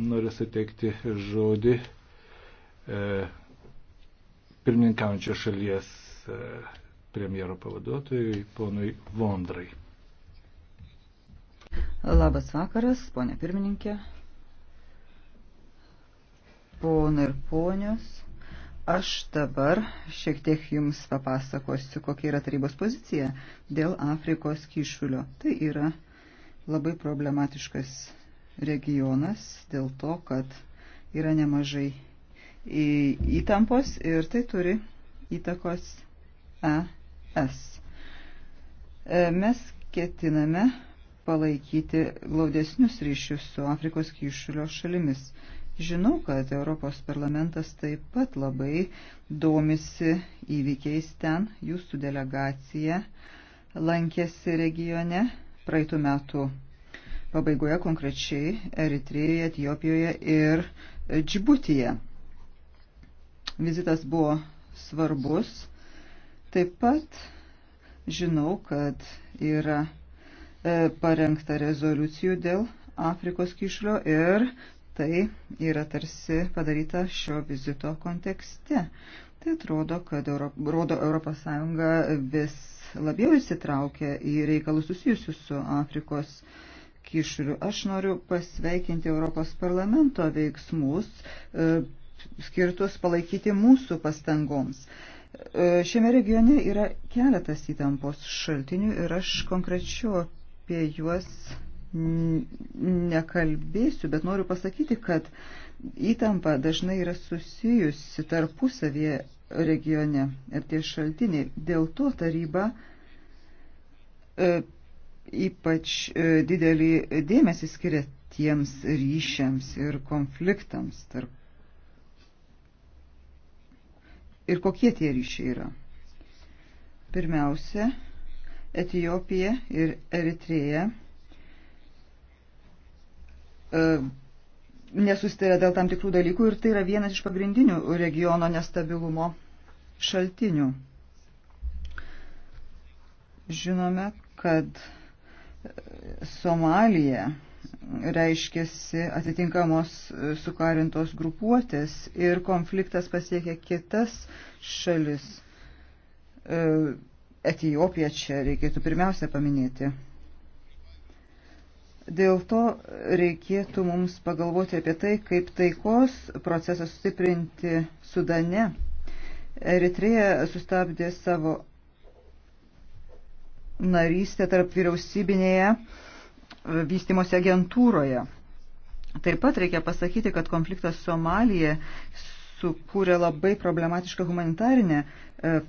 Noriu suteikti žodį e, pirmininkaujančio šalies e, premjero pavaduotojui, ponui Vondrai. Labas vakaras, ponė pirmininkė. Pona ir ponios, aš dabar šiek tiek jums papasakosiu, kokia yra tarybos pozicija dėl Afrikos kyšulio. Tai yra labai problematiškas regionas dėl to, kad yra nemažai įtampos ir tai turi įtakos ES. E, mes ketiname palaikyti glaudesnius ryšius su Afrikos kyšulio šalimis. Žinau, kad Europos parlamentas taip pat labai domisi įvykiais ten. Jūsų delegacija lankėsi regione praeitų metų pabaigoje konkrečiai Eritrijoje, Etijopijoje ir Džibutyje. Vizitas buvo svarbus. Taip pat žinau, kad yra e, parengta rezoliucijų dėl Afrikos kišlio ir tai yra tarsi padaryta šio vizito kontekste. Tai atrodo, kad Euro, rodo ES vis labiau įsitraukia į reikalus susijusius su Afrikos kišliu išorių. Aš noriu pasveikinti Europos parlamento veiksmus e, skirtus palaikyti mūsų pastangoms. E, šiame regione yra keletas įtampos šaltinių ir aš konkrečiu apie juos nekalbėsiu, bet noriu pasakyti, kad įtampa dažnai yra susijusi tarpusavėje regione ir tie šaltiniai. Dėl to taryba e, ypač e, didelį dėmesį skiria tiems ryšiams ir konfliktams tarp. Ir kokie tie ryšiai yra? Pirmiausia, Etijopija ir Eritreja e, nesustarė dėl tam tikrų dalykų ir tai yra vienas iš pagrindinių regiono nestabilumo šaltinių. Žinome, kad Somalija reiškiasi atitinkamos e, sukarintos grupuotės ir konfliktas pasiekia kitas šalis. E, Etijopiją čia reikėtų pirmiausia paminėti. Dėl to reikėtų mums pagalvoti apie tai, kaip taikos procesą sustiprinti Sudane. Eritreja sustabdė savo narystę tarp vyriausybinėje e, vystimosi agentūroje. Taip pat reikia pasakyti, kad konfliktas Somalija sukūrė labai problematišką humanitarinę e,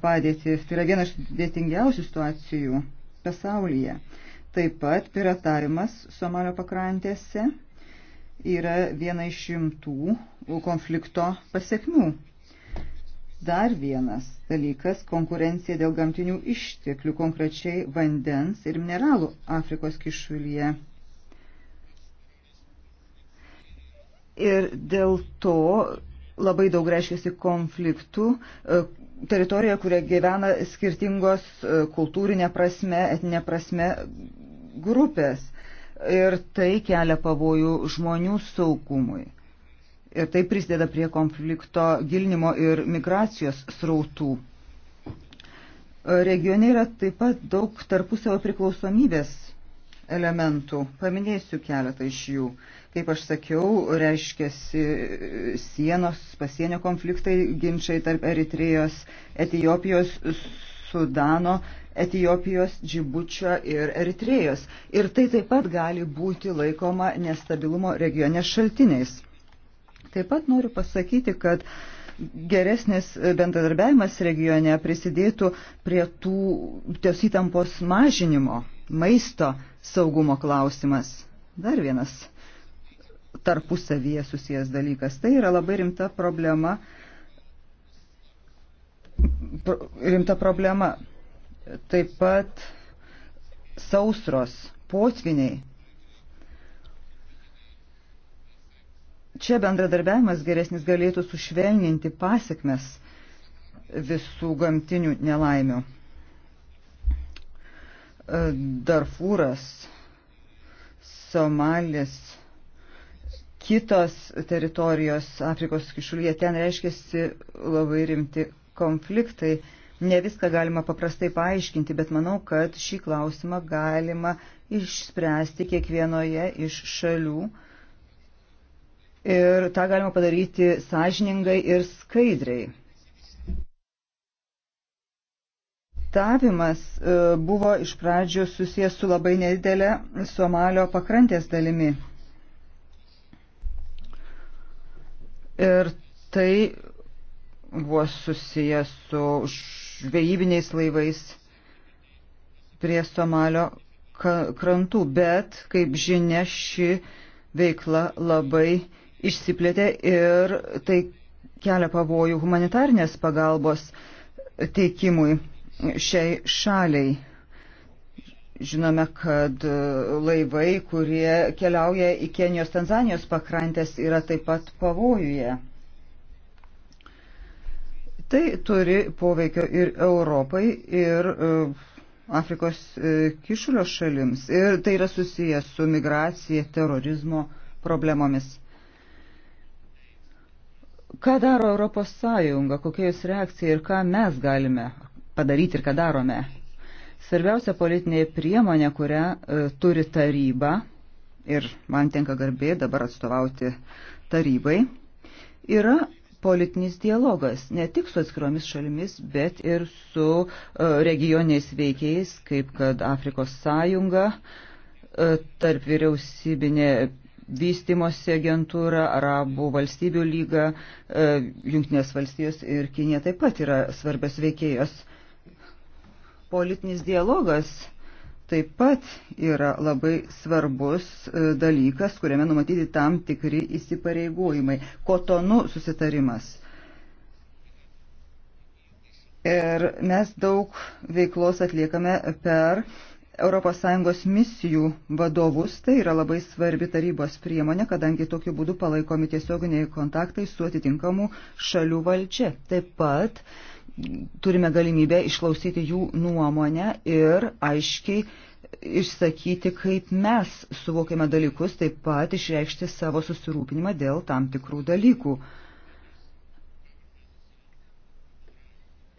padėtį. Tai yra viena iš dėtingiausių situacijų pasaulyje. Taip pat piratavimas Somalio pakrantėse yra viena iš šimtų konflikto pasiekmių. Dar vienas dalykas - konkurencija dėl gamtinių išteklių, konkrečiai vandens ir mineralų Afrikos kišulyje. Ir dėl to labai daug reiškiasi konfliktų e, teritorijoje, kurioje gyvena skirtingos e, kultūrinė prasme, etinė prasme grupės. Ir tai kelia pavojų žmonių saugumui ir tai prisideda prie konflikto gilinimo ir migracijos srautų. Regione yra taip pat daug tarpusavio priklausomybės elementų. Paminėsiu keletą iš jų. Kaip aš sakiau, reiškiasi sienos, pasienio konfliktai, ginčiai tarp Eritrėjos, Etijopijos, Sudano, Etijopijos, Džibučio ir Eritrėjos. Ir tai taip pat gali būti laikoma nestabilumo regione šaltiniais. Taip pat noriu pasakyti, kad geresnis bendradarbiavimas regione prisidėtų prie tų ties įtampos mažinimo, maisto saugumo klausimas. Dar vienas tarpusavyje susijęs dalykas. Tai yra labai rimta problema. Rimta problema. Taip pat sausros, potviniai Čia bendradarbiavimas geresnis galėtų sušvelninti pasiekmes visų gamtinių nelaimių. E, Darfūras, Somalis, kitos teritorijos Afrikos kišulyje, ten reiškiasi labai rimti konfliktai. Ne viską galima paprastai paaiškinti, bet manau, kad šį klausimą galima išspręsti kiekvienoje iš šalių ir tą galima padaryti sąžiningai ir skaidriai. Tavimas e, buvo iš pradžių susijęs su labai nedidelė Somalio pakrantės dalimi. Ir tai buvo susijęs su žvejybiniais laivais prie Somalio krantų, bet, kaip žinia, ši veikla labai išsiplėtė ir tai kelia pavojų humanitarnės pagalbos teikimui šiai šaliai. Žinome, kad laivai, kurie keliauja į Kenijos Tanzanijos pakrantės, yra taip pat pavojuje. Tai turi poveikio ir Europai, ir e, Afrikos e, kišulio šalims. Ir tai yra susijęs su migracija, terorizmo problemomis. Ką daro Europos Sąjunga, kokia jos reakcija ir ką mes galime padaryti ir ką darome? Svarbiausia politinė priemonė, kurią e, turi taryba, ir man tenka garbė dabar atstovauti tarybai, yra politinis dialogas ne tik su atskiromis šalimis, bet ir su e, regioniais veikėjais, kaip kad Afrikos sąjunga, e, tarp vyriausybinė vystimosi agentūra, Arabų valstybių lyga, e, Junktinės valstijos ir Kinė taip pat yra svarbios veikėjos. Politinis dialogas taip pat yra labai svarbus e, dalykas, kuriame numatyti tam tikri įsipareigojimai. Kotonų susitarimas. Ir mes daug veiklos atliekame per uh, ES misijų vadovus. Tai yra labai svarbi tarybos priemonė, kadangi tokiu būdu palaikomi tiesioginiai kontaktai su atitinkamų šalių valdžia. Taip pat turime galimybę išklausyti jų nuomonę ir aiškiai išsakyti, kaip mes suvokiame dalykus, taip pat išreikšti savo susirūpinimą dėl tam tikrų dalykų.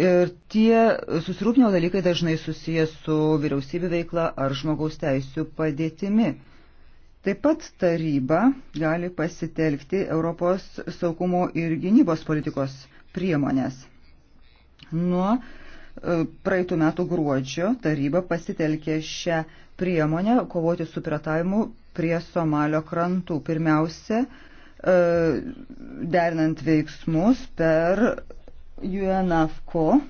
Ir tie susirūpinimo dalykai dažnai susijęs su vyriausybė veikla ar žmogaus teisų padėtimi. Taip pat taryba gali pasitelkti Europos saugumo ir gynybos politikos priemonės. Nuo e, praeitų metų gruodžio taryba pasitelkė šią priemonę kovoti su piratavimu prie Somalio krantų. Pirmiausia, e, derinant veiksmus per UNAFCO,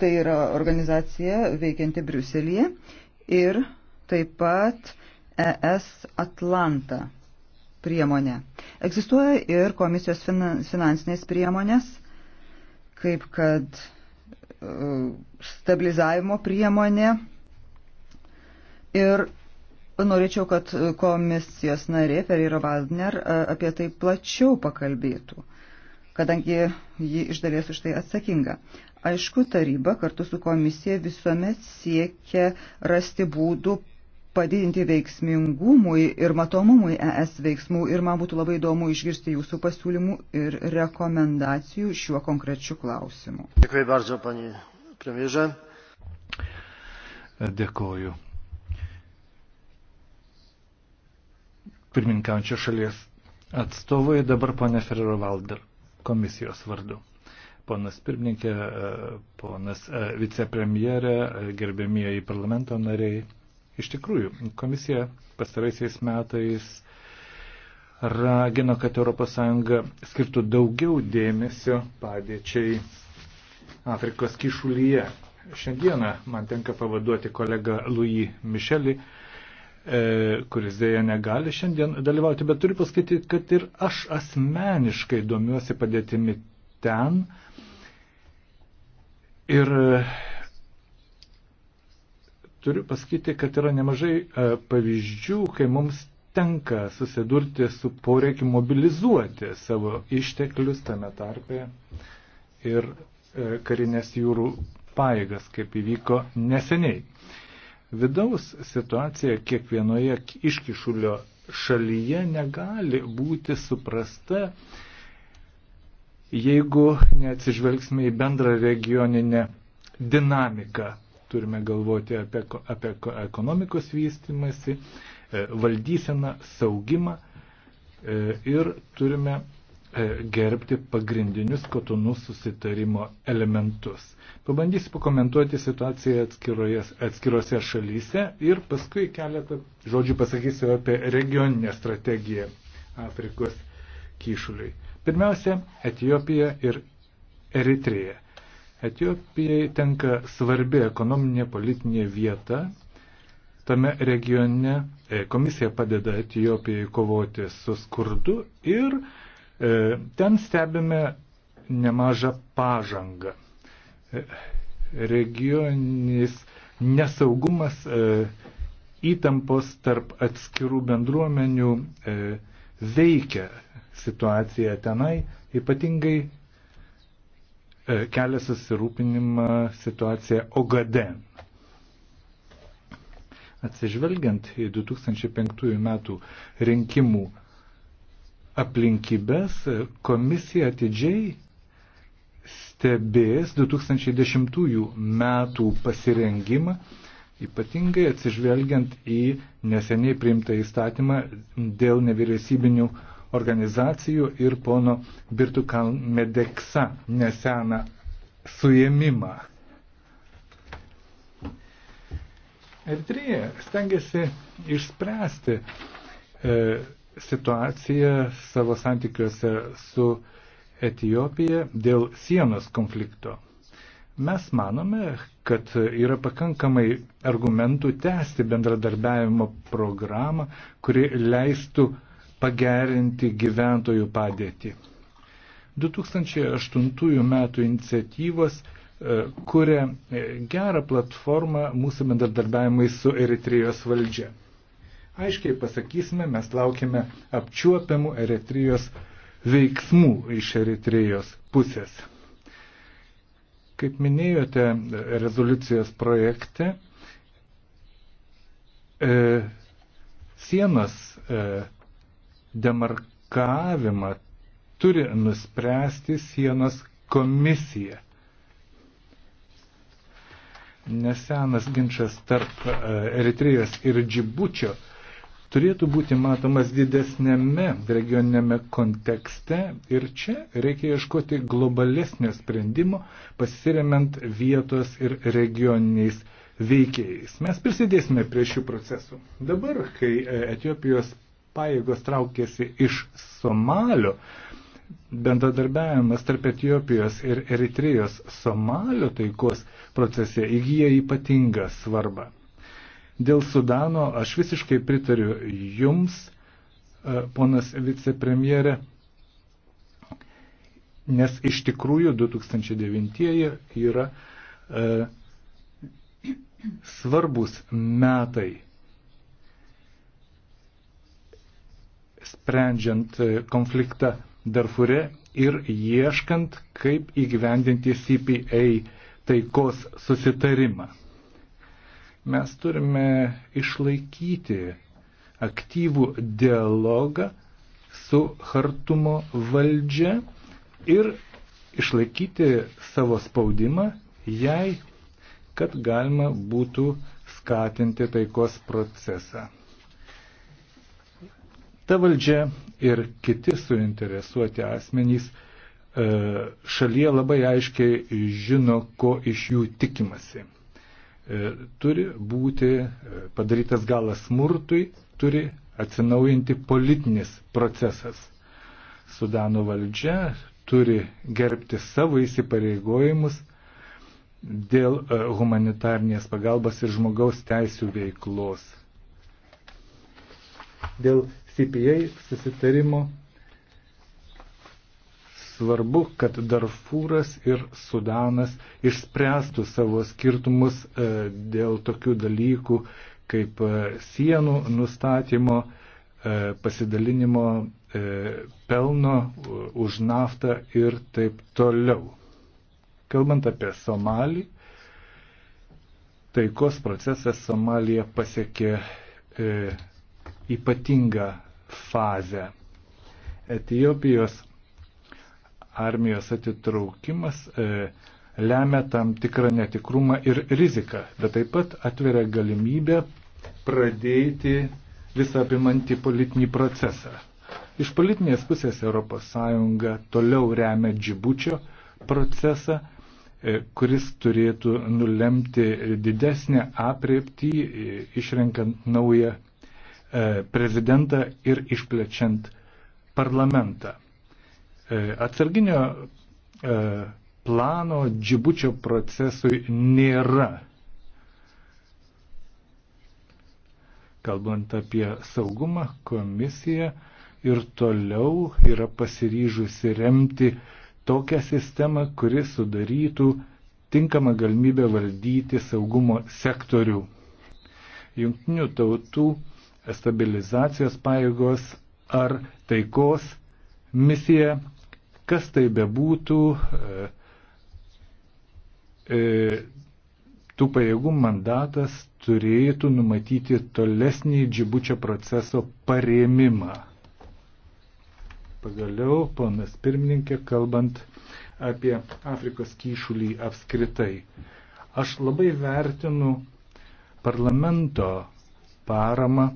tai yra organizacija veikianti Briuselėje, ir taip pat ES Atlanta priemonė. Egzistuoja ir komisijos finansinės priemonės, kaip kad stabilizavimo priemonė. Ir norėčiau, kad komisijos narė Ferreira Waldner apie tai plačiau pakalbėtų kadangi ji iš dalies už tai atsakinga. Aišku, taryba kartu su komisija visuomet siekia rasti būdų padidinti veiksmingumui ir matomumui ES veiksmų ir man būtų labai įdomu išgirsti jūsų pasiūlymų ir rekomendacijų šiuo konkrečiu klausimu. Dėkui bardzo, panie premjerze. Dėkoju. Pirminkančio šalies atstovai dabar pane Ferrero Valder komisijos vardu. Ponas pirmininkė, e, ponas e, vicepremjerė, e, gerbėmieji parlamento nariai. Iš tikrųjų, komisija pastaraisiais metais ragino, kad ES skirtų daugiau dėmesio padėčiai Afrikos kišulyje. Šiandieną man tenka pavaduoti kolegą Louis Michelį, E, kuris dėja negali šiandien dalyvauti, bet turiu pasakyti, kad ir aš asmeniškai domiuosi padėtimi ten. Ir e, turiu pasakyti, kad yra nemažai e, pavyzdžių, kai mums tenka susidurti su poreikiu mobilizuoti savo išteklius tame tarpe ir karinės jūrų paėgas, kaip įvyko neseniai. Vidaus situacija kiekvienoje iškišulio šalyje negali būti suprasta, jeigu neatsižvelgsime į bendrą regioninę dinamiką. Turime galvoti apie, apie ekonomikos vystimasi, e, valdyseną, saugimą e, ir turime E, gerbti pagrindinius kotonų susitarimo elementus. Pabandysiu pakomentuoti situaciją atskirose šalyse ir paskui keletą žodžių pasakysiu apie regioninę strategiją Afrikos kyšuliui. Pirmiausia, Etijopija ir Eritrija. Etijopijai tenka svarbi ekonominė politinė vieta tame regione. E, komisija padeda Etijopijai kovoti su skurdu ir uh, E, ten stebime nemažą pažangą. E, regioninis nesaugumas, e, įtampos tarp atskirų bendruomenių veikia situaciją tenai, ypatingai kelia susirūpinimą situacija Ogaden. Atsižvelgiant į 2005 metų rinkimų aplinkybės komisija atidžiai stebės 2010 metų pasirengimą, ypatingai atsižvelgiant į neseniai priimtą įstatymą dėl nevyriausybinių organizacijų ir pono Birtukal Medeksa neseną suėmimą. Eritrija stengiasi išspręsti e, situaciją savo santykiuose su Etijopija dėl sienos konflikto. Mes manome, kad yra pakankamai argumentų tęsti bendradarbiavimo programą, kuri leistų pagerinti gyventojų padėtį. 2008 m. iniciatyvos e, kuria e, gerą platformą mūsų bendradarbiavimui su Eritrijos valdžia aiškiai pasakysime, mes laukime apčiuopiamų Eritrijos veiksmų iš Eritrijos pusės. Kaip minėjote rezoliucijos projekte, e, sienos e, demarkavimą turi nuspręsti sienos komisija nesenas ginčas tarp e, Eritrijos ir Džibučio turėtų būti matomas didesnėme regioninėme kontekste ir čia reikia ieškoti globalesnio sprendimo, pasiremiant vietos ir regioniniais veikėjais. Mes prisidėsime prie šių procesų. Dabar, kai e, Etijopijos pajėgos traukėsi iš Somalio, bendradarbiavimas tarp Etijopijos ir Eritrijos Somalio taikos procese įgyja ypatingą svarbą. Dėl Sudano aš visiškai pritariu jums, e, ponas vicepremjerė, nes iš tikrųjų 2009 yra e, svarbus metai sprendžiant e, konfliktą Darfure ir ieškant, kaip įgyvendinti CPA taikos susitarimą. Mes turime išlaikyti aktyvų dialogą su Hartumo valdžia ir išlaikyti savo spaudimą jai, kad galima būtų skatinti taikos procesą. Ta valdžia ir kiti suinteresuoti asmenys e, šalyje labai aiškiai žino, ko iš jų tikimasi. E, turi būti e, padarytas galas smurtui, turi atsinaujinti politinis procesas. Sudano valdžia turi gerbti savo įsipareigojimus dėl e, humanitarnės pagalbos ir žmogaus teisų veiklos. Dėl CPA susitarimo Svarbu, kad Darfūras ir Sudanas išspręstų savo skirtumus e, dėl tokių dalykų kaip e, sienų nustatymo, e, pasidalinimo pelno už naftą ir taip toliau. Kalbant apie Somalį, taikos procesas Somalija pasiekė e, ypatingą fazę. Etijopijos armijos atitraukimas e, lemia tam tikrą netikrumą ir riziką, bet taip pat atveria galimybę pradėti visą apimantį politinį procesą. Iš politinės pusės ES toliau remia džibučio procesą, e, kuris turėtų nulemti didesnę apriepti, e, išrenkant naują e, prezidentą ir išplečiant parlamentą. E, atsarginio e, plano džibučio procesui nėra. Kalbant apie saugumą, komisija ir toliau yra pasiryžusi remti tokią sistemą, kuri sudarytų tinkamą galimybę valdyti saugumo sektorių. Junktinių tautų stabilizacijos pajėgos ar taikos misija Kas tai bebūtų, e, e, tų pajėgų mandatas turėtų numatyti tolesnį džibučio proceso paremimą. Pagaliau, ponas pirmininkė, kalbant apie Afrikos kyšulį apskritai. Aš labai vertinu parlamento paramą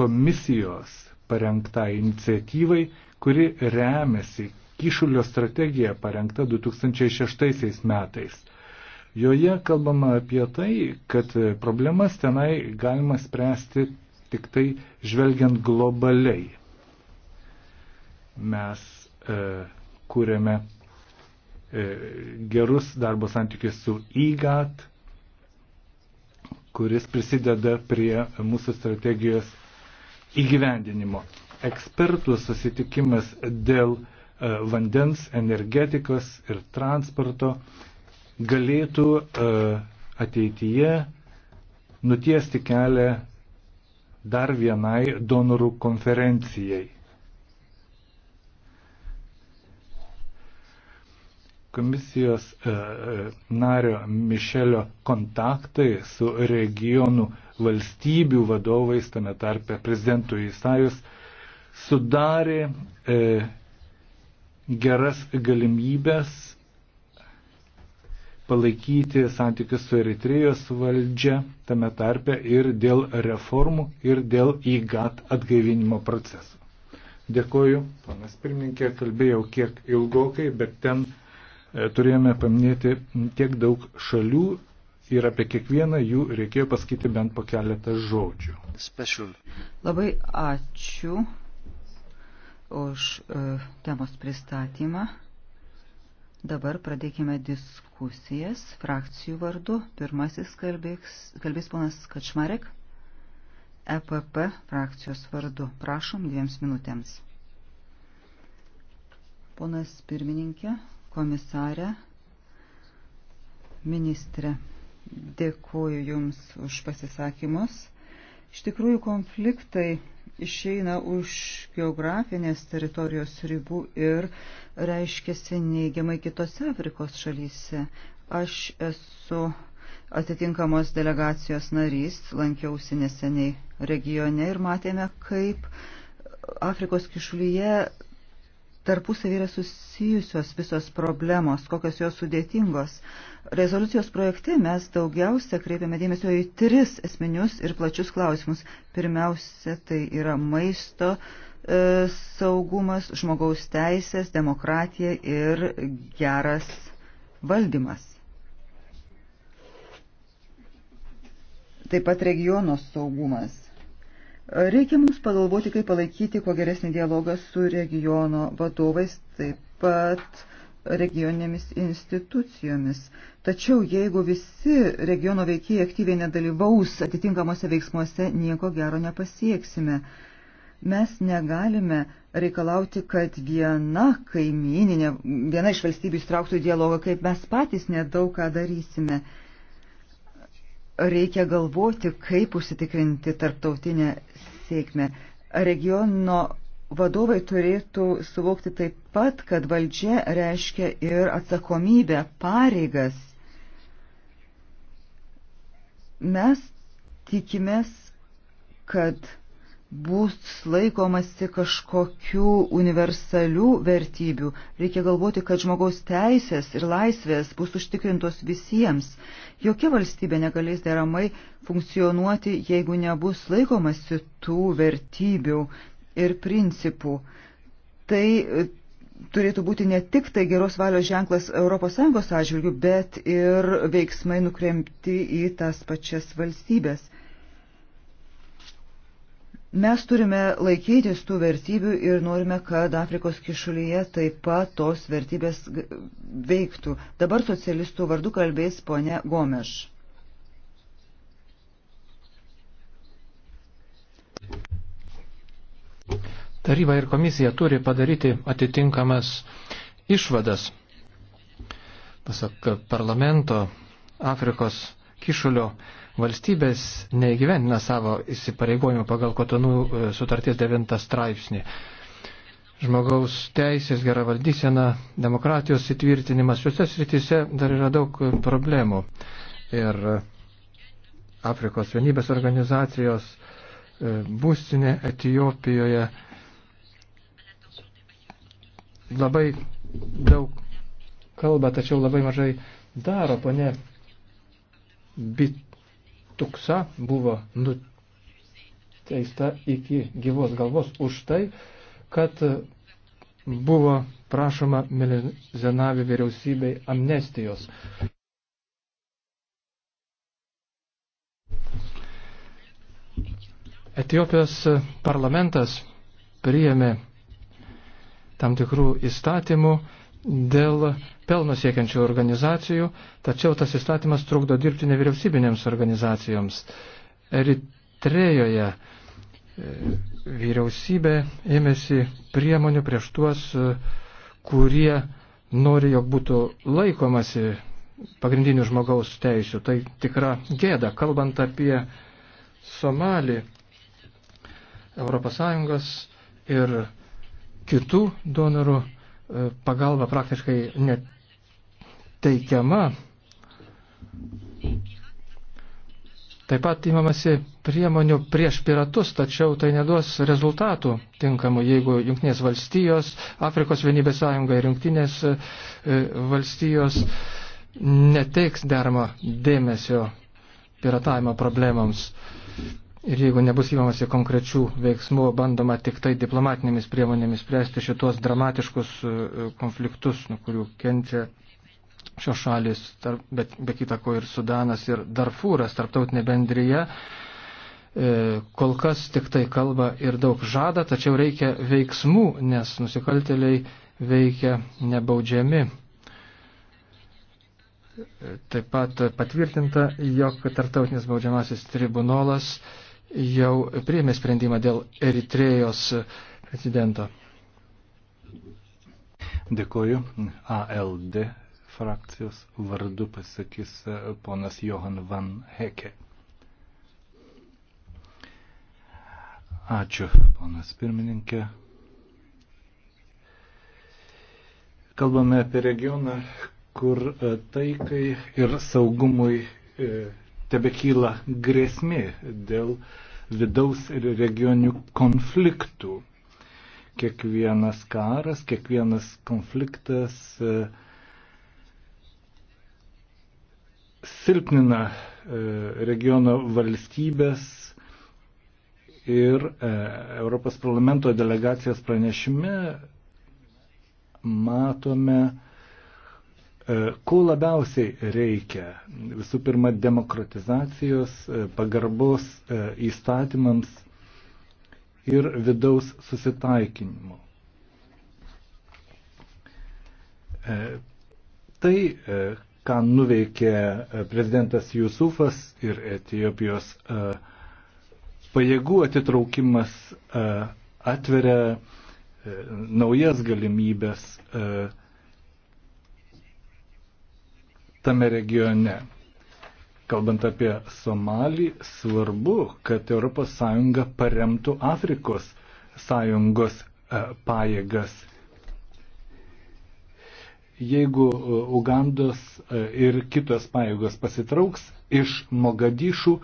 komisijos parengtai iniciatyvai, kuri remiasi kyšulio strategija parengta 2006 metais. Joje kalbama apie tai, kad problemas tenai galima spręsti tik tai žvelgiant globaliai. Mes e, kūrėme e, gerus darbo santykius su IGAT, kuris prisideda prie mūsų strategijos įgyvendinimo. Ekspertų susitikimas dėl E, vandens, energetikos ir transporto galėtų e, ateityje nutiesti kelią dar vienai donorų konferencijai. komisijos e, nario Mišelio kontaktai su regionų valstybių vadovais, tame tarpe prezidentų įsajus, sudarė geras galimybės palaikyti santykius su Eritrejos valdžia, tame tarpe ir dėl reformų, ir dėl įgat atgaivinimo procesų. Dėkoju, panas pirmininkė, kalbėjau kiek ilgokai, bet ten e, turėjome paminėti tiek daug šalių ir apie kiekvieną jų reikėjo pasakyti bent po keletą žodžių. Special. Labai ačiū už e, temos pristatymą. Dabar pradėkime diskusijas frakcijų vardu. Pirmasis kalbės, kalbės ponas Kačmarek, EPP frakcijos vardu. Prašom dviems minutėms. Ponas pirmininkė, komisarė, ministrė, dėkuoju Jums už pasisakymus. Iš tikrųjų, konfliktai išeina už geografinės teritorijos ribų ir reiškiasi neigiamai kitose Afrikos šalyse. Aš esu atitinkamos delegacijos narys, lankiausi neseniai regione ir matėme, kaip Afrikos kišulyje tarpusavį yra susijusios visos problemos, kokios jos sudėtingos. Rezoliucijos projekte mes daugiausia kreipiame dėmesio į tris esminius ir plačius klausimus. Pirmiausia, tai yra maisto e, saugumas, žmogaus teisės, demokratija ir geras valdymas. Taip pat regionos saugumas Reikia mums pagalvoti, kaip palaikyti kuo geresnį dialogą su regiono vadovais, taip pat regioninėmis institucijomis. Tačiau jeigu visi regiono veikėjai aktyviai nedalyvaus atitinkamuose veiksmuose, nieko gero nepasieksime. Mes negalime reikalauti, kad viena kaimininė, viena iš valstybių įstrauktų dialogą, kaip mes patys nedaug ką darysime reikia galvoti, kaip užsitikrinti tarptautinę sėkmę. Regiono vadovai turėtų suvokti taip pat, kad valdžia reiškia ir atsakomybę, pareigas. Mes tikimės, kad bus laikomasi kažkokių universalių vertybių. Reikia galvoti, kad žmogaus teisės ir laisvės bus užtikrintos visiems. Jokia valstybė negalės deramai funkcionuoti, jeigu nebus laikomasi tų vertybių ir principų. Tai e, turėtų būti ne tik tai geros valios ženklas ES atžvilgių, bet ir veiksmai nukremti į tas pačias valstybės. Mes turime laikytis tų vertybių ir norime, kad Afrikos kišulyje taip pat tos vertybės veiktų. Dabar socialistų vardu kalbės ponė Gomeš. Taryba ir komisija turi padaryti atitinkamas išvadas. Pasak parlamento Afrikos Kišulio valstybės neįgyvendina savo įsipareigojimų pagal kotonų e, sutarties 9 straipsnį. Žmogaus teisės, gera valdysena, demokratijos įtvirtinimas, šiuose srityse dar yra daug e, problemų. Ir e, Afrikos vienybės organizacijos būstinė Etijopijoje labai daug kalba, tačiau labai mažai daro, ponė Bituksa buvo nuteista iki gyvos galvos už tai, kad buvo prašoma Milizenavi vyriausybei amnestijos. Etijopijos parlamentas priėmė tam tikrų įstatymų, dėl pelno siekiančių organizacijų, tačiau tas įstatymas trukdo dirbti nevyriausybinėms organizacijoms. Eritrejoje e, vyriausybė ėmėsi priemonių prieš tuos, e, kurie nori, jog būtų laikomasi pagrindinių žmogaus teisių. Tai tikra gėda, kalbant apie Somalį, ES ir kitų donorų pagalba praktiškai neteikiama. Taip pat įmamasi priemonių prieš piratus, tačiau tai neduos rezultatų tinkamų, jeigu Junktinės valstijos, Afrikos vienybės sąjunga ir Junktinės e, valstijos neteiks dermo dėmesio piratavimo problemams. Ir jeigu nebus įmamasi konkrečių veiksmų, bandoma tik tai diplomatinėmis priemonėmis spręsti šitos dramatiškus e, konfliktus, nuo kurių kenčia šios šalis, tarp, bet be kita ko ir Sudanas ir Darfūras, tarptautinė bendryje, kol kas tik tai kalba ir daug žada, tačiau reikia veiksmų, nes nusikaltėliai veikia nebaudžiami. E, taip pat patvirtinta, jog tarptautinis baudžiamasis tribunolas jau priėmė sprendimą dėl Eritrėjos prezidento. Dėkoju. ALD frakcijos vardu pasakys e, ponas Johan Van Heke. Ačiū, ponas pirmininkė. Kalbame apie regioną, kur e, taikai ir saugumui e, tebekyla grėsmė dėl vidaus ir regionių konfliktų. Kiekvienas karas, kiekvienas konfliktas e, silpnina e, regiono valstybės ir e, Europos parlamento delegacijos pranešime matome, E, ko labiausiai reikia? Visų pirma, demokratizacijos, e, pagarbos e, įstatymams ir vidaus susitaikinimo. Tai, ką nuveikė prezidentas Jusufas ir Etijopijos pajėgų atitraukimas, atveria naujas galimybės tame regione. Kalbant apie Somalį, svarbu, kad ES paremtų Afrikos sąjungos e, pajėgas. Jeigu e, Ugandos e, ir kitos pajėgos pasitrauks iš Mogadišų,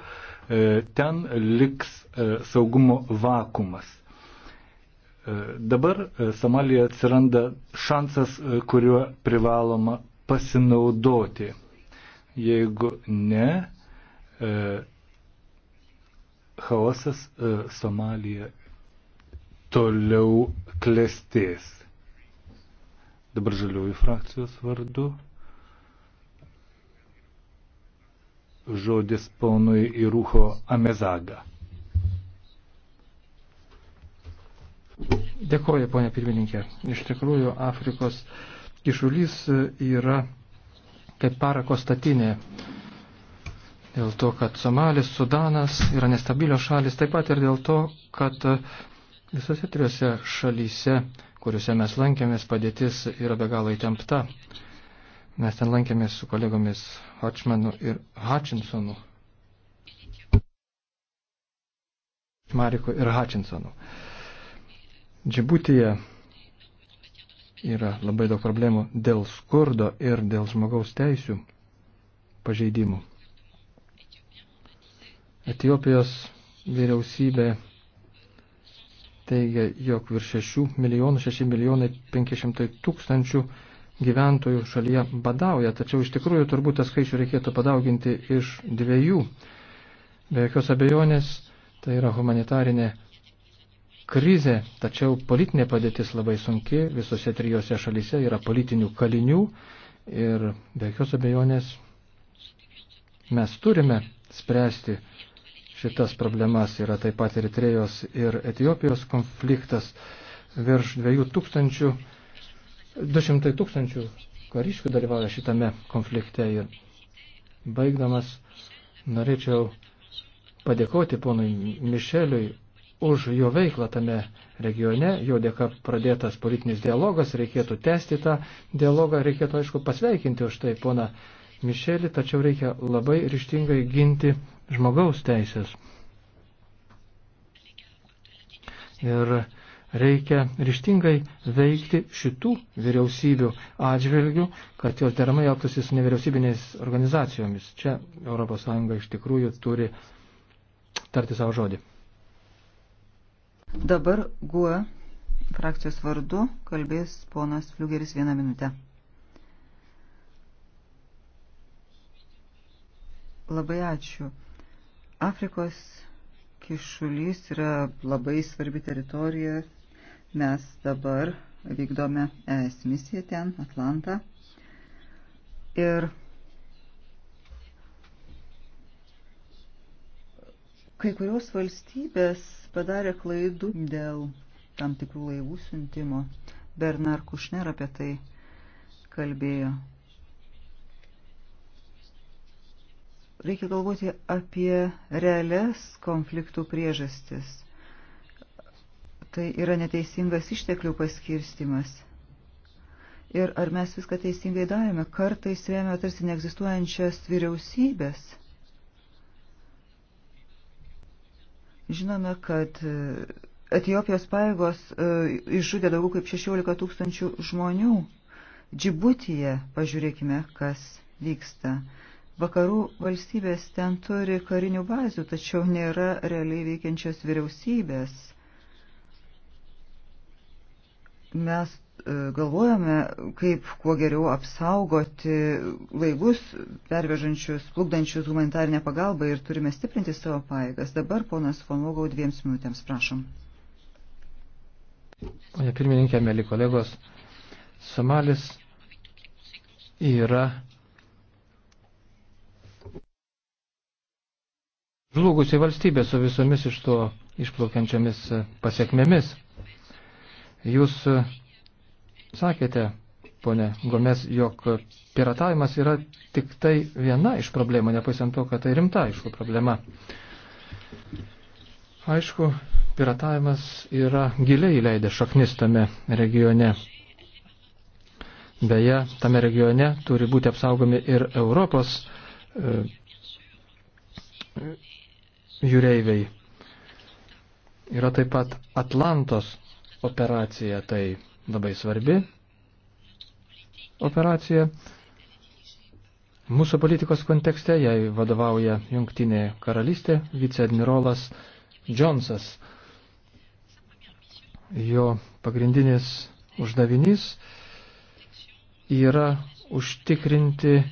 ten liks saugumo vakumas. Dabar Somalija atsiranda šansas, kuriuo privaloma pasinaudoti. Jeigu ne, e, chaosas e, Somalija toliau klestės. Dabar žaliųjų frakcijos vardu. Žodis ponui Irūho Amezaga. Dėkoju, ponia pirmininkė. Iš tikrųjų, Afrikos uh, Kišulys e, yra kaip parako statinė. Dėl to, kad Somalis, Sudanas yra nestabilios šalis, taip pat ir dėl to, kad e, visose trijose šalyse, kuriuose mes lankėmės, padėtis yra be galo įtempta. Mes ten lankėmės su kolegomis Hodgmanu ir Hutchinsonu. Mariku ir Hutchinsonu. Džibutyje yra labai daug problemų dėl skurdo ir dėl žmogaus teisių pažeidimų. Etijopijos vyriausybė teigia, jog virš 6 milijonų, 6 milijonai 500 tūkstančių gyventojų šalyje badauja, tačiau iš tikrųjų turbūt tą skaičių reikėtų padauginti iš dviejų. Be jokios abejonės, tai yra humanitarinė krizė, tačiau politinė padėtis labai sunki, visose trijose šalyse yra politinių kalinių ir be jokios abejonės mes turime spręsti šitas problemas. Yra taip pat ir Trejos ir Etijopijos konfliktas virš 2000, 200 tūkstančių kariškių dalyvauja šitame konflikte ir baigdamas norėčiau padėkoti ponui Mišeliui už jo veiklą tame regione, jo dėka pradėtas politinis dialogas, reikėtų tęsti tą dialogą, reikėtų aišku pasveikinti už tai pona Mišelį, tačiau reikia labai ryštingai ginti žmogaus teisės. Ir reikia ryštingai veikti šitų vyriausybių atžvilgių, kad jos deramai elgtųsi su nevyriausybinės organizacijomis. Čia ES iš tikrųjų turi tarti savo žodį. Dabar GUE frakcijos vardu kalbės ponas Fliugeris vieną minutę. Labai ačiū. Afrikos kišulys yra labai svarbi teritorija. Mes dabar vykdome ES misiją ten, Atlantą. Ir Kai kurios valstybės padarė klaidų dėl tam tikrų laivų siuntimo. Bernard Kušner apie tai kalbėjo. Reikia galvoti apie realias konfliktų priežastis. Tai yra neteisingas išteklių paskirstimas. Ir ar mes viską teisingai darėme, kartais remia tarsi neegzistuojančias vyriausybės Žinome, kad e, Etijopijos paėgos e, išžudė daugiau kaip 16 tūkstančių žmonių. Džibutyje pažiūrėkime, kas vyksta. Vakarų valstybės ten turi karinių bazių, tačiau nėra realiai veikiančios vyriausybės Mes e, galvojame, kaip kuo geriau apsaugoti laivus pervežančius, plukdančius humanitarinę pagalbą ir turime stiprinti savo paėgas. Dabar ponas Fonogau dviems minutėms, prašom. Pane pirmininkė, mėly kolegos, Somalis yra žlugusi valstybė su visomis iš to išplaukiančiomis pasiekmėmis. Jūs e, sakėte, ponė Gomes, jog piratavimas yra tik tai viena iš problemų, nepaisant to, kad tai rimta aišku problema. Aišku, piratavimas yra giliai įleidę šaknis tame regione. Beje, tame regione turi būti apsaugomi ir Europos e, jūreiviai. Yra taip pat Atlantos operacija tai labai svarbi operacija. Mūsų politikos kontekste jai vadovauja Jungtinė karalystė, viceadmirolas Džonsas. Jo pagrindinis uždavinys yra užtikrinti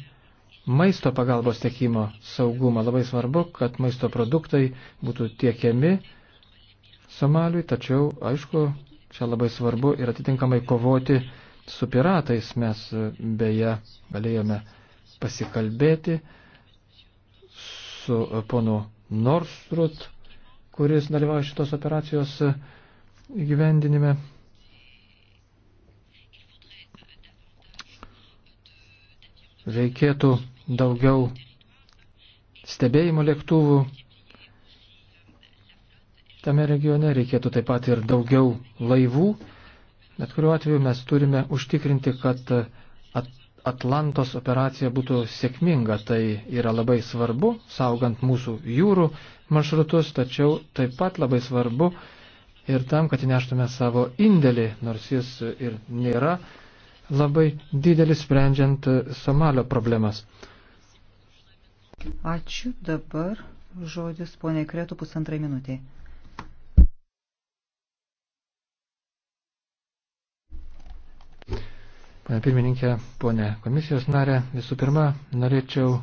maisto pagalbos tiekimo saugumą. Labai svarbu, kad maisto produktai būtų tiekiami Somaliui, tačiau, aišku, čia labai svarbu ir atitinkamai kovoti su piratais. Mes e, beje galėjome pasikalbėti su e, ponu Norstrut, kuris dalyvauja šitos operacijos e, įgyvendinime. Reikėtų daugiau stebėjimo lėktuvų tame regione, reikėtų taip pat ir daugiau laivų, bet kuriuo atveju mes turime užtikrinti, kad Atlantos operacija būtų sėkminga, tai yra labai svarbu, saugant mūsų jūrų maršrutus, tačiau taip pat labai svarbu ir tam, kad įneštume savo indėlį, nors jis ir nėra labai didelis sprendžiant Somalio problemas. Ačiū dabar žodis poniai Kretų pusantrai minutiai. pirmininkė, ponė komisijos narė. Visų pirma, norėčiau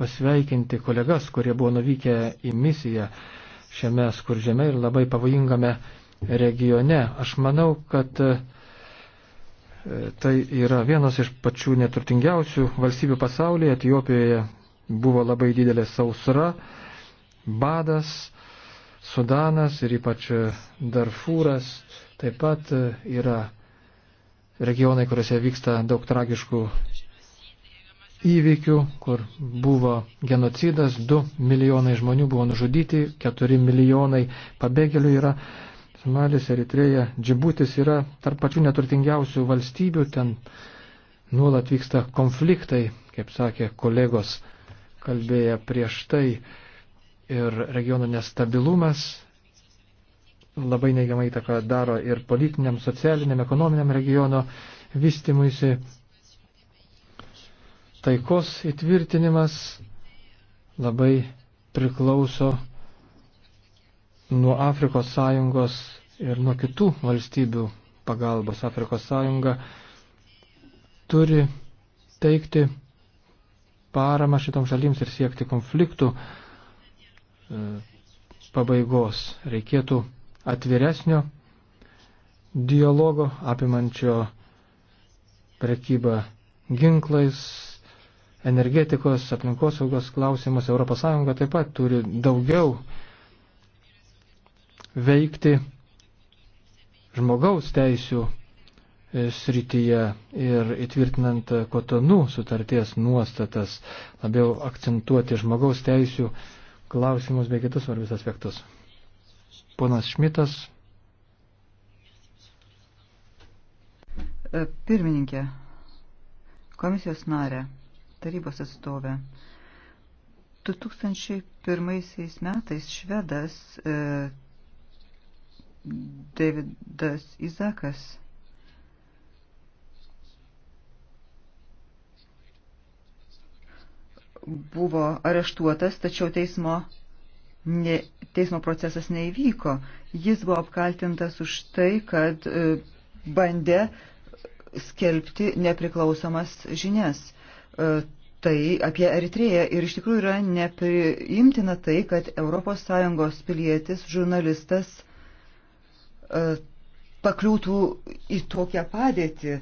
pasveikinti kolegas, kurie buvo nuvykę į misiją šiame skurdžiame ir labai pavojingame regione. Aš manau, kad e, tai yra vienas iš pačių neturtingiausių valstybių pasaulyje. Etijopijoje buvo labai didelė sausra, badas, Sudanas ir ypač Darfūras taip pat e, yra regionai, kuriuose vyksta daug tragiškų įvykių, kur buvo genocidas, 2 milijonai žmonių buvo nužudyti, 4 milijonai pabėgėlių yra. Somalis, Eritreja, Džibutis yra tarp pačių neturtingiausių valstybių, ten nuolat vyksta konfliktai, kaip sakė kolegos kalbėję prieš tai, ir regiono nestabilumas labai neigiamą įtaką daro ir politiniam, socialiniam, ekonominiam regiono vystimuisi. Taikos įtvirtinimas labai priklauso nuo Afrikos sąjungos ir nuo kitų valstybių pagalbos. Afrikos sąjunga turi teikti paramą šitom šalims ir siekti konfliktų e, pabaigos. Reikėtų atviresnio dialogo apimančio prekybą ginklais, energetikos, aplinkosaugos klausimus. ES taip pat turi daugiau veikti žmogaus teisių e, srityje ir įtvirtinant kotonų sutarties nuostatas, labiau akcentuoti žmogaus teisių klausimus bei kitus svarbius aspektus. Ponas Šmitas. E, pirmininkė, komisijos narė, tarybos atstovė. 2001 metais švedas e, Davidas Izakas buvo areštuotas, tačiau teismo ne, teismo procesas neįvyko. Jis buvo apkaltintas už tai, kad e, bandė skelbti nepriklausomas žinias. E, tai apie Eritreją ir iš tikrųjų yra nepriimtina tai, kad ES pilietis, žurnalistas e, pakliūtų į tokią padėtį,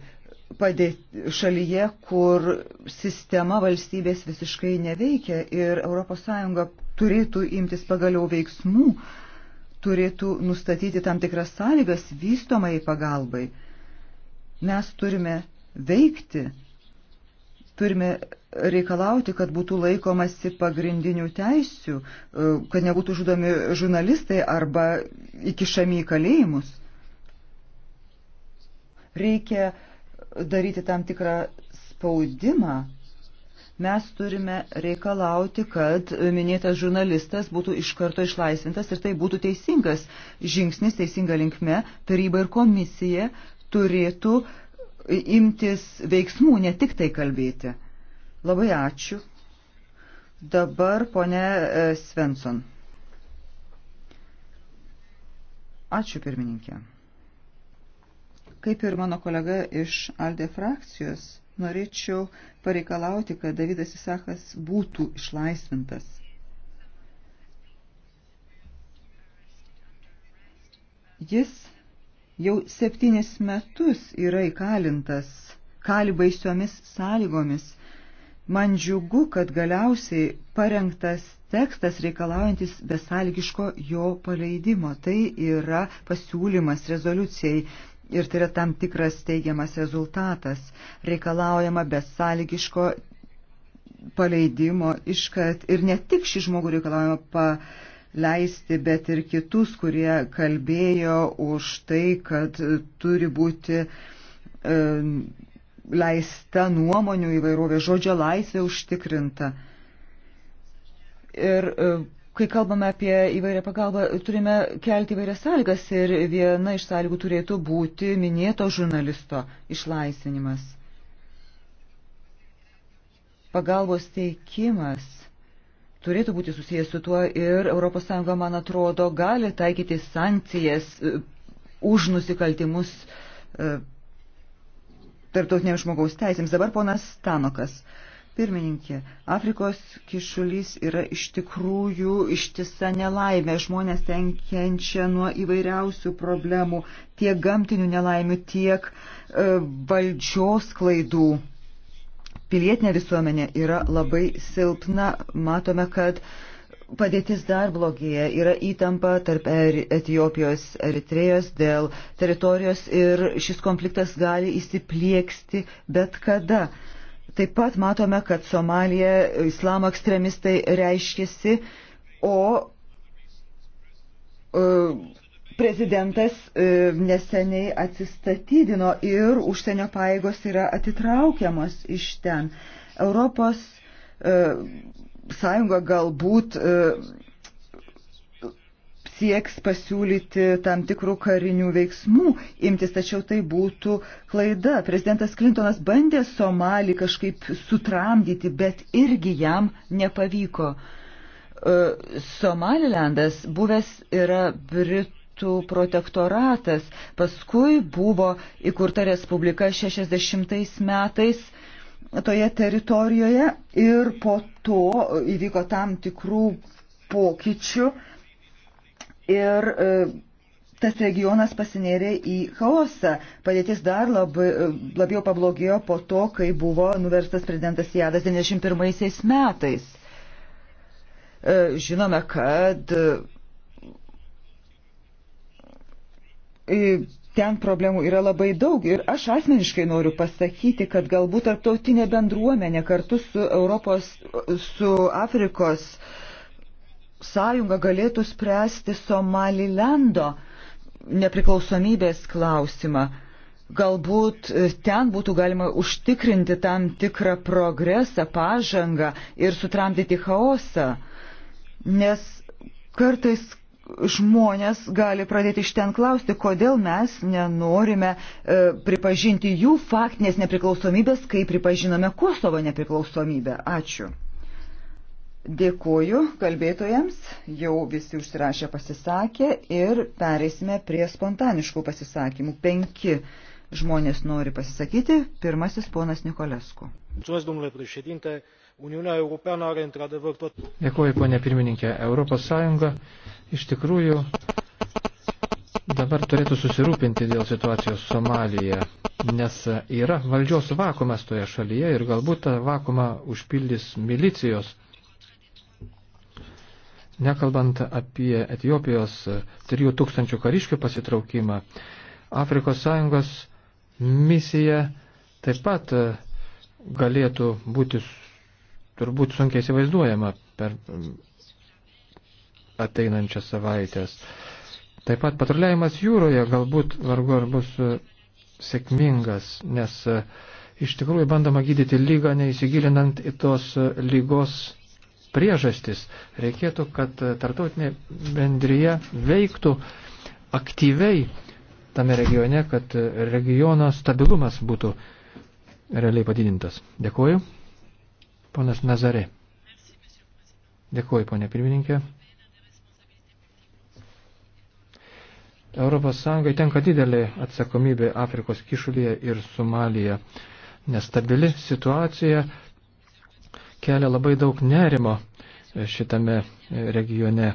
padėti šalyje, kur sistema valstybės visiškai neveikia ir ES turėtų imtis pagaliau veiksmų, turėtų nustatyti tam tikras sąlygas vystomai pagalbai. Mes turime veikti, turime reikalauti, kad būtų laikomasi pagrindinių teisių, e, kad nebūtų žudomi žurnalistai arba įkišami į kalėjimus. Reikia daryti tam tikrą spaudimą Mes turime reikalauti, kad minėtas žurnalistas būtų iš karto išlaisvintas ir tai būtų teisingas žingsnis, teisinga linkme. Taryba ir komisija turėtų imtis veiksmų, ne tik tai kalbėti. Labai ačiū. Dabar ponė e, Svensson. Ačiū pirmininkė. Kaip ir mano kolega iš Alde frakcijos, norėčiau pareikalauti, kad Davidas Isakas būtų išlaisvintas. Jis jau septynis metus yra įkalintas, kali baisiomis sąlygomis. Man džiugu, kad galiausiai parengtas tekstas reikalaujantis besąlygiško jo paleidimo. Tai yra pasiūlymas rezoliucijai ir tai yra tam tikras teigiamas rezultatas. Reikalaujama besąlygiško paleidimo iškart ir ne tik šį žmogų reikalaujama paleisti, bet ir kitus, kurie kalbėjo už tai, kad turi būti e, leista nuomonių įvairovė, žodžio laisvė užtikrinta. Ir e, kai kalbame apie įvairią pagalbą, turime kelti įvairias sąlygas ir viena iš sąlygų turėtų būti minėto žurnalisto išlaisvinimas. Pagalbos teikimas turėtų būti susijęs su tuo ir ES, man atrodo, gali taikyti sankcijas e, už nusikaltimus e, tarptautiniams žmogaus teisėms. Dabar ponas Stanokas. Pirmininkė, Afrikos kišulys yra iš tikrųjų ištisa nelaimė. Žmonės ten kenčia nuo įvairiausių problemų, tiek gamtinių nelaimių, tiek e, valdžios klaidų. Pilietinė visuomenė yra labai silpna. Matome, kad padėtis dar blogėja. Yra įtampa tarp er, Etijopijos, Eritrejos dėl teritorijos ir šis konfliktas gali įsiplieksti bet kada. E, Taip pat matome, kad Somalija islamo ekstremistai reiškėsi, o e, prezidentas e, neseniai atsistatydino ir užsienio paėgos yra atitraukiamos iš ten. Europos e, sąjunga galbūt sieks pasiūlyti tam tikrų karinių veiksmų imtis, tačiau tai būtų klaida. Prezidentas Clintonas bandė Somalį kažkaip sutramdyti, bet irgi jam nepavyko. E, Somalilandas buvęs yra Britų britų protektoratas, paskui buvo įkurta Respublika 60 metais toje teritorijoje ir po to įvyko tam tikrų pokyčių ir e, tas regionas pasinėrė į chaosą. Padėtis dar labai, e, labiau pablogėjo po to, kai buvo nuverstas prezidentas Jadas 91 metais. E, žinome, kad ten problemų yra labai daug ir aš asmeniškai noriu pasakyti, kad galbūt tarptautinė bendruomenė kartu su Europos, su Afrikos uh, sąjunga galėtų spręsti Somalilando nepriklausomybės klausimą. Galbūt e, ten būtų galima užtikrinti tam tikrą progresą, pažangą ir sutramdyti chaosą, nes kartais žmonės gali pradėti iš ten klausti, kodėl mes nenorime e, pripažinti jų faktinės nepriklausomybės, kai pripažinome Kosovo nepriklausomybę. Ačiū. Dėkuoju kalbėtojams, jau visi užsirašė pasisakė ir pereisime prie spontaniškų pasisakymų. Penki žmonės nori pasisakyti, pirmasis ponas Nikolesku. Dėkuoju, ponė pirmininkė. Europos Sąjunga iš tikrųjų dabar turėtų susirūpinti dėl situacijos Somalijoje, nes yra valdžios vakumas toje šalyje ir galbūt tą vakumą užpildys milicijos Nekalbant apie Etijopijos 3000 kariškių pasitraukimą, Afrikos Sąjungos misija taip pat e, galėtų būti turbūt sunkiai įsivaizduojama per mm, ateinančias savaitės. Taip pat patruliavimas jūroje galbūt vargu ar bus e, sėkmingas, nes e, iš tikrųjų bandoma gydyti lygą neįsigilinant į tos lygos priežastis. Reikėtų, kad tartautinė bendryje veiktų aktyviai tame regione, kad regiono stabilumas būtų realiai padidintas. Dėkuoju. Ponas Nazarė. Dėkuoju, ponė pirmininkė. Europos Sąjungai tenka didelė atsakomybė Afrikos kišulėje ir Somalija. Nestabili situacija kelia labai daug nerimo šitame regione.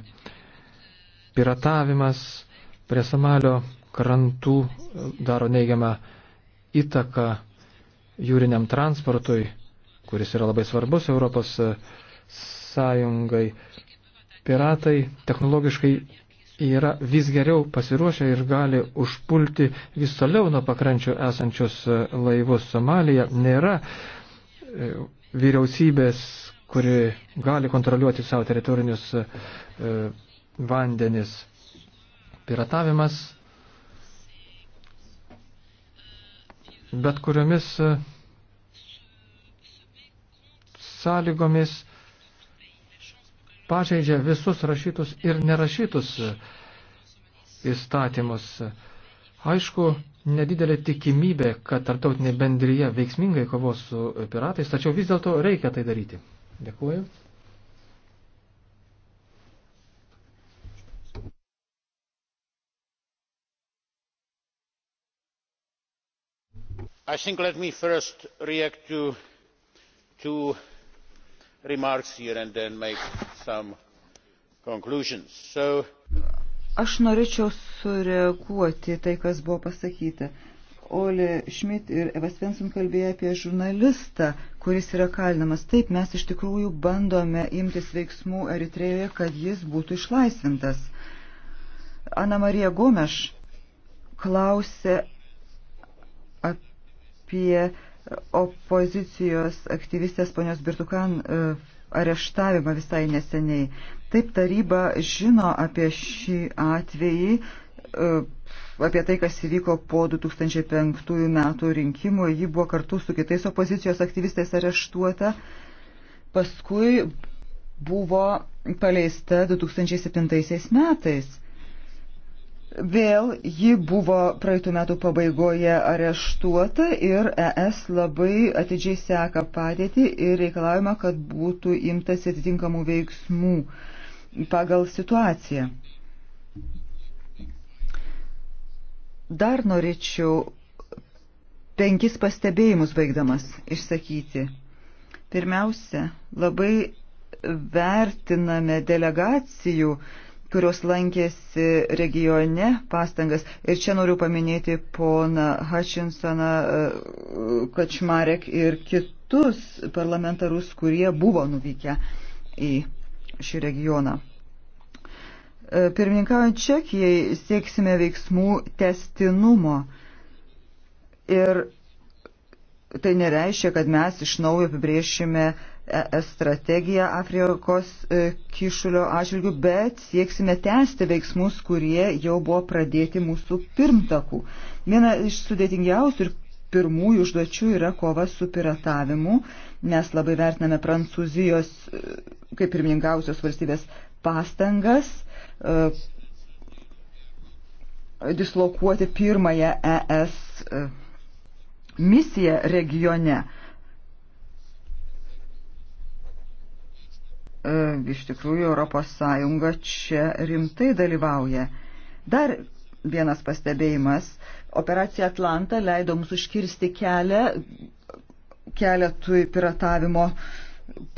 Piratavimas prie Somalio krantų e, daro neigiamą įtaką jūriniam transportui, kuris yra labai svarbus Europos e, sąjungai. Piratai technologiškai yra vis geriau pasiruošę ir gali užpulti vis toliau nuo pakrančių esančius e, laivus. Somalija nėra vyriausybės, kuri gali kontroliuoti savo teritorinius e, vandenis. Piratavimas bet kuriomis e, sąlygomis pažeidžia visus rašytus ir nerašytus e, įstatymus. Aišku, nedidelė tikimybė, kad tarptautinė bendryje veiksmingai kovos su piratais, tačiau vis dėlto reikia tai daryti. Dėkuoju. i think let me first react to two remarks here and then make some conclusions. So... Aš norėčiau sureaguoti tai, kas buvo pasakyta. Ole Schmidt ir Evas Svensson kalbėjo apie žurnalistą, kuris yra kalinamas. Taip, mes iš tikrųjų bandome imtis veiksmų Eritrejoje, kad jis būtų išlaisvintas. Ana Marija Gomeš klausė apie opozicijos aktyvistės ponios Birtukan e, areštavimą visai neseniai. Taip taryba žino apie šį atvejį, e, apie tai, kas įvyko po 2005 metų rinkimų. Ji buvo kartu su kitais opozicijos aktyvistės areštuota. Paskui buvo paleista 2007 metais. Vėl ji buvo praeitų metų pabaigoje areštuota ir ES labai atidžiai seka padėtį ir reikalavimą, kad būtų imtas atitinkamų veiksmų pagal situaciją. Dar norėčiau penkis pastebėjimus baigdamas išsakyti. Pirmiausia, labai vertiname delegacijų uh, kurios lankėsi regione pastangas. Ir čia noriu paminėti poną Hutchinsoną, e, Kačmarek ir kitus parlamentarus, kurie buvo nuvykę į šį regioną. E, pirmininkaujant Čekijai sieksime veiksmų testinumo. Ir tai nereiškia, kad mes iš naujo apibriešime uh, ES strategiją Afrikos e, kišulio atžvilgių, bet sieksime tęsti veiksmus, kurie jau buvo pradėti mūsų pirmtakų. Viena iš sudėtingiausių ir pirmųjų užduočių yra kova su piratavimu. Mes labai vertiname Prancūzijos e, kaip pirmininkausios valstybės pastangas e, dislokuoti pirmąją ES misiją regione. E, iš tikrųjų ES čia rimtai dalyvauja. Dar vienas pastebėjimas. Operacija Atlanta leido mums užkirsti kelią keletui piratavimo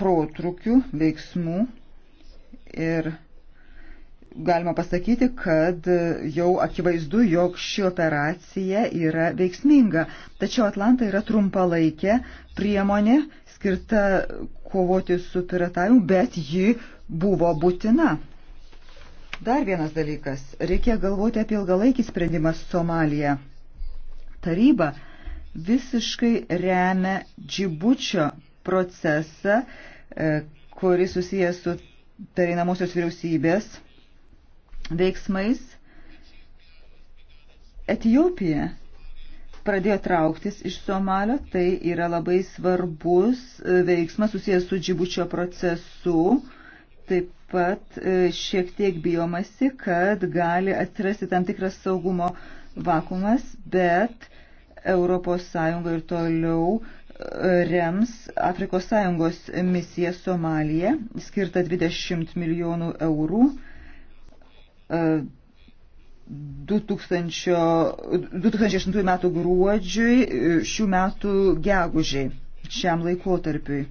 protrukių veiksmų ir galima pasakyti, kad jau akivaizdu, jog ši operacija yra veiksminga. Tačiau Atlanta yra trumpalaikė priemonė skirta kovoti su piratavimu, bet ji buvo būtina. Dar vienas dalykas. Reikia galvoti apie ilgalaikį sprendimą Somalija. Taryba visiškai remia džibučio procesą, e, kuris susijęs su pereinamosios vyriausybės veiksmais Etijopija pradėjo trauktis iš Somalio, tai yra labai svarbus e, veiksmas susijęs su džibučio procesu. Taip pat e, šiek tiek bijomasi, kad gali atsirasti tam tikras saugumo vakumas, bet ES ir toliau e, rems Afrikos Sąjungos misiją Somalija, skirta 20 milijonų eurų 2008 metų gruodžiui, šių metų gegužiai, šiam laikotarpiui.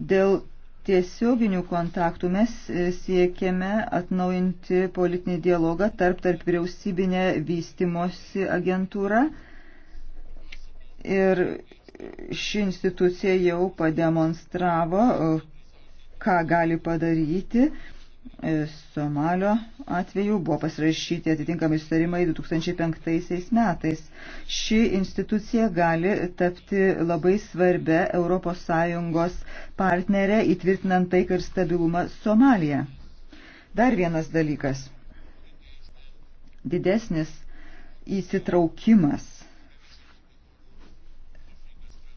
Dėl tiesioginių kontaktų mes siekiame atnaujinti politinį dialogą tarp tarp vyriausybinę vystimosi agentūrą ir ši institucija jau pademonstravo, ką gali padaryti Somalio atveju buvo pasirašyti atitinkami sustarimai 2005 metais. Ši institucija gali tapti labai svarbia ES partnerė įtvirtinant taiką ir stabilumą Somalija. Dar vienas dalykas. Didesnis įsitraukimas.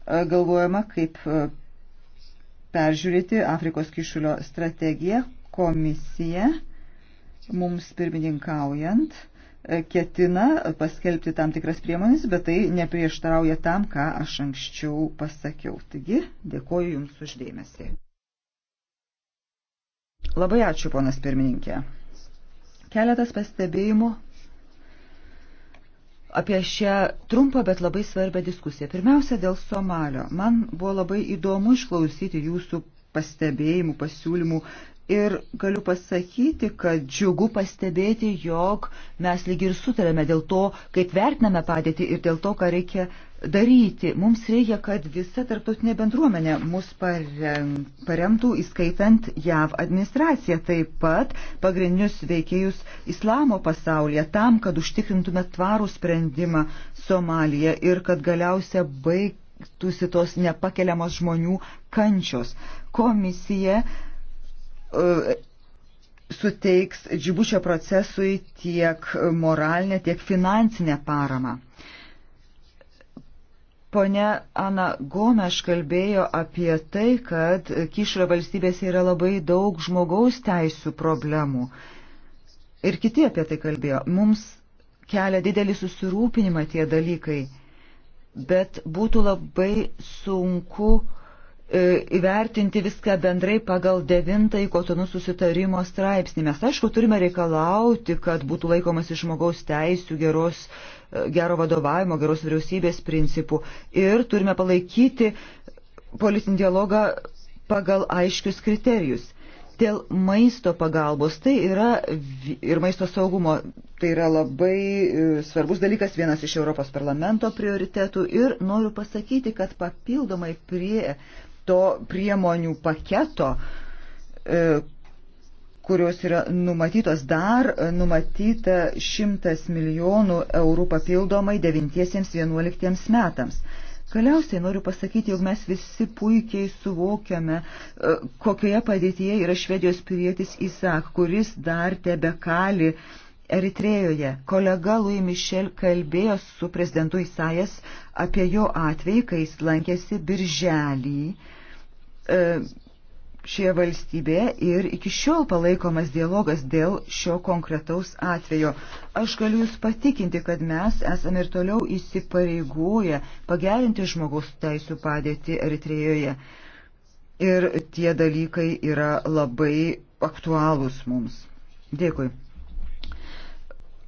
E, galvojama, kaip e, peržiūrėti Afrikos kišulio strategiją, komisija mums pirmininkaujant e, ketina paskelbti tam tikras priemonės, bet tai neprieštarauja tam, ką aš anksčiau pasakiau. Taigi, dėkoju Jums uždėmesį. Labai ačiū, ponas pirmininkė. Keletas pastebėjimų apie šią trumpą, bet labai svarbę diskusiją. Pirmiausia, dėl Somalio. Man buvo labai įdomu išklausyti jūsų pastebėjimų, pasiūlymų Ir galiu pasakyti, kad džiugu pastebėti, jog mes lyg ir sutarėme dėl to, kaip vertiname padėtį ir dėl to, ką reikia daryti. Mums reikia, kad visa tarptautinė bendruomenė mus paremtų, įskaitant JAV administraciją, taip pat pagrindinius veikėjus islamo pasaulyje, tam, kad užtikrintume tvarų sprendimą Somalija ir kad galiausia baigtųsi tos nepakeliamos žmonių kančios. Komisija E, suteiks džibučio procesui tiek moralinę, tiek finansinę paramą. Pone Ana Gomeš kalbėjo apie tai, kad Kišro valstybėse yra labai daug žmogaus teisų problemų. Ir kiti apie tai kalbėjo. Mums kelia didelį susirūpinimą tie dalykai, bet būtų labai sunku uh, E, įvertinti viską bendrai pagal devintąjį kotonų susitarimo straipsnį. Mes aišku turime reikalauti, kad būtų laikomasi žmogaus teisų, geros, e, gero vadovavimo, geros vyriausybės principų ir turime palaikyti politinį dialogą pagal aiškius kriterijus. Dėl maisto pagalbos tai yra ir maisto saugumo tai yra labai e, svarbus dalykas, vienas iš Europos parlamento prioritetų ir noriu pasakyti, kad papildomai prie to priemonių paketo, e, kurios yra numatytos dar, e, numatyta 100 milijonų eurų papildomai 9-11 metams. Galiausiai noriu pasakyti, jog mes visi puikiai suvokiame, e, kokioje padėtyje yra Švedijos pilietis Isak, kuris dar tebe kali uh, Eritrėjoje kolega Louis Michel kalbėjo su prezidentu Isaijas apie jo atvejį, kai jis lankėsi birželį e, šioje valstybėje ir iki šiol palaikomas dialogas dėl šio konkretaus atvejo. Aš galiu Jūs patikinti, kad mes esame ir toliau įsipareigoję pagerinti žmogaus teisų padėtį Eritrėjoje. Ir tie dalykai yra labai aktualūs mums. Dėkui.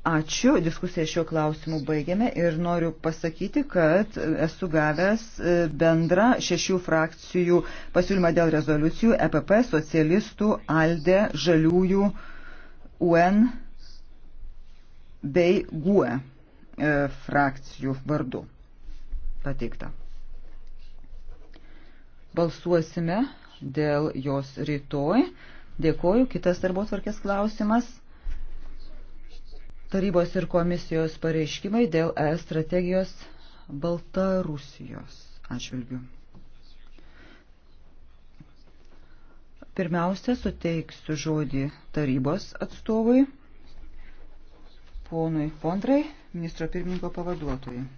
Ačiū, diskusiją šiuo klausimu baigiame ir noriu pasakyti, kad esu gavęs e, bendrą šešių frakcijų pasiūlymą dėl rezoliucijų EPP, socialistų, ALDE, Žaliųjų, UN bei GUE e, frakcijų vardu pateikta. Balsuosime dėl jos rytoj. Dėkoju. Kitas darbo tvarkės klausimas tarybos ir komisijos pareiškimai dėl ES strategijos Baltarusijos atžvilgių. Pirmiausia, suteiksiu žodį tarybos atstovui, ponui Pondrai, ministro pirmininko pavaduotojai.